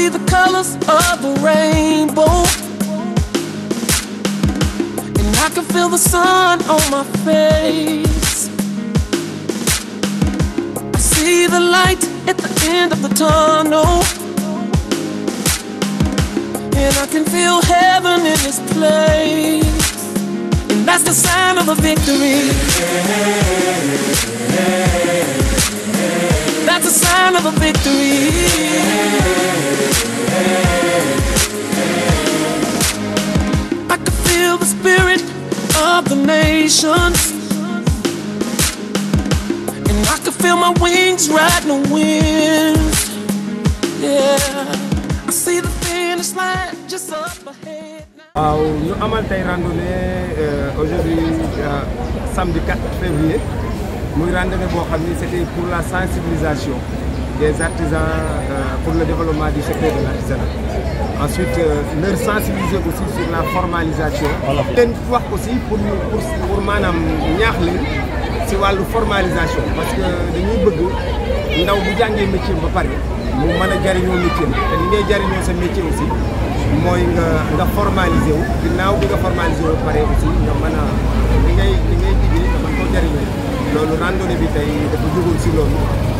see the colors of the rainbow. And I can feel the sun on my face. I see the light at the end of the tunnel. And I can feel heaven in this place. And that's the sign of a victory. That's a sign of a victory. sensations. And I can feel my wings riding the wind. Yeah, I see the finish line just up euh, aujourd'hui euh, samedi 4 février muy randonnée boo xam ni c'était pour la sensibilisation. des artisans euh, pour le développement du secteur de l'artisanat. Ensuite, euh, leur sensibiliser aussi sur la formalisation. Une voilà. fois aussi pour nous, pour, pour Manam Niachli, c'est la formalisation. Parce que nous, nous avons un métier pour Paris. Nous avons gardé nos métier. Nous avons gardé nos métier aussi. Nous avons formalisé. Nous avons formalisé Paris aussi. Nous avons gardé nos métiers. Nous avons gardé nos métiers. Nous avons gardé nos métiers. Nous avons gardé nos métiers.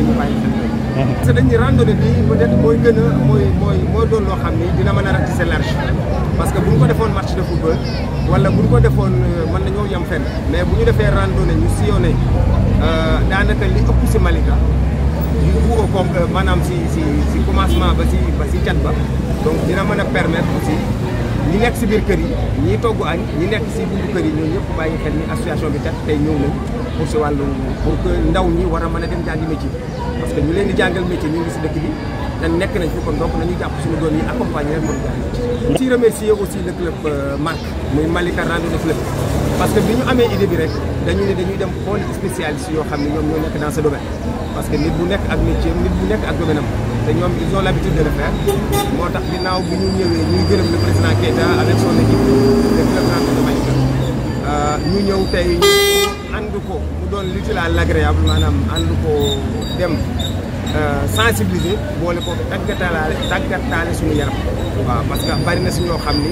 nañu bàyyi xel rek. parce que dañuy randonnée bi peut être mooy gën a mooy mooy mooy doon loo xam ni dina mën a ratisser large parce que bu ñu ko defoon match de football wala bu ñu ko defoon euh, man nañoo yem fenn mais bu ñu defee randonnée ñu sillonné euh, daanaka li ëpp si Malika yu ko comme euh, maanaam si si si commencement ba si ba si cat ba donc dina mën a permettre si ñi nekk si biir kër yi ñi togg añ ñi nekk si buntu kër yi ñooñu ñëpp bàyyi xel ni association bi tax tey ñëw nañ pour si wàllu pour que ndaw ñi war a mën a dem jàngi métier parce que ñu leen di jàngal métier ñu ngi si dëkk bi te nekk nañ fi kon donc nañu jàpp suñu doon yi accompagner leen mën jàng si aussi le club euh, Marc muy Malika Randonnée Club parce que bi ñu amee idée bi rek dañu ne dañuy dem xool spécialiste yoo xam ne ñoom ñoo nekk dans ce domaine parce que nit bu nekk ak métier nekk ak am te ñoom ils ont l'habitude de le faire moo tax ginnaaw bi ñu ñëwee ñuy gërëm le président Keita avec son équipe de président de Malika euh, ñu ñëw tey ànd ko mu doon l'utile l'agréable maanaam ànd ko dem euh, sensibiliser boole ko tàggataale tàggataale suñu yaram waaw parce que bari na si ñoo xam ni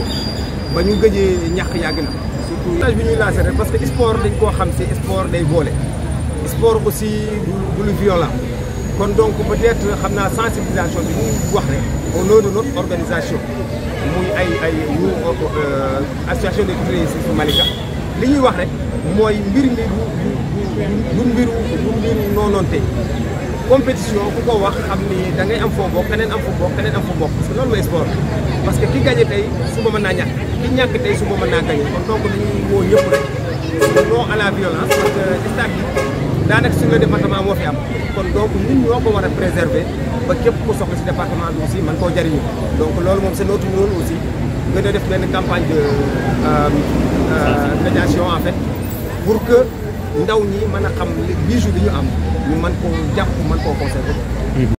ba ñu gëjee ñàkk yàgg na surtout message bi ñuy lancé rek parce que sport dañ koo xam si sport day boole sport aussi du violent kon donc peut-être xamna sensibilisation bi muy wax rek au nom de notre organisation muy ay ay ñu euh, association des créés ci Malika li ñuy wax rek moy mbir mi du du mbiru du mbiru noononte compétition ku ko wax xam ni da ngay am foo bokk keneen am foo bokk keneen am foo bokk parce que loolu mooy sport parce que ki gagné tey suba mën naa ñàkk ki ñàkk tey suba mën naa gagné kon donc dañuy woo ñëpp rek non à la violence parce que stade bi daanaka suñu la département moo fi am kon donc ñun ñoo ko war a préserver ba képp ku soxla si département bi si man koo jëriñu donc loolu moom c'est notre rôle aussi gën a def benn campagne de euh, euh, médiation en fait pour que ndaw ñi mën a xam bijou bi ñu am ñu mën koo jàpp man koo conserver mm-hmm.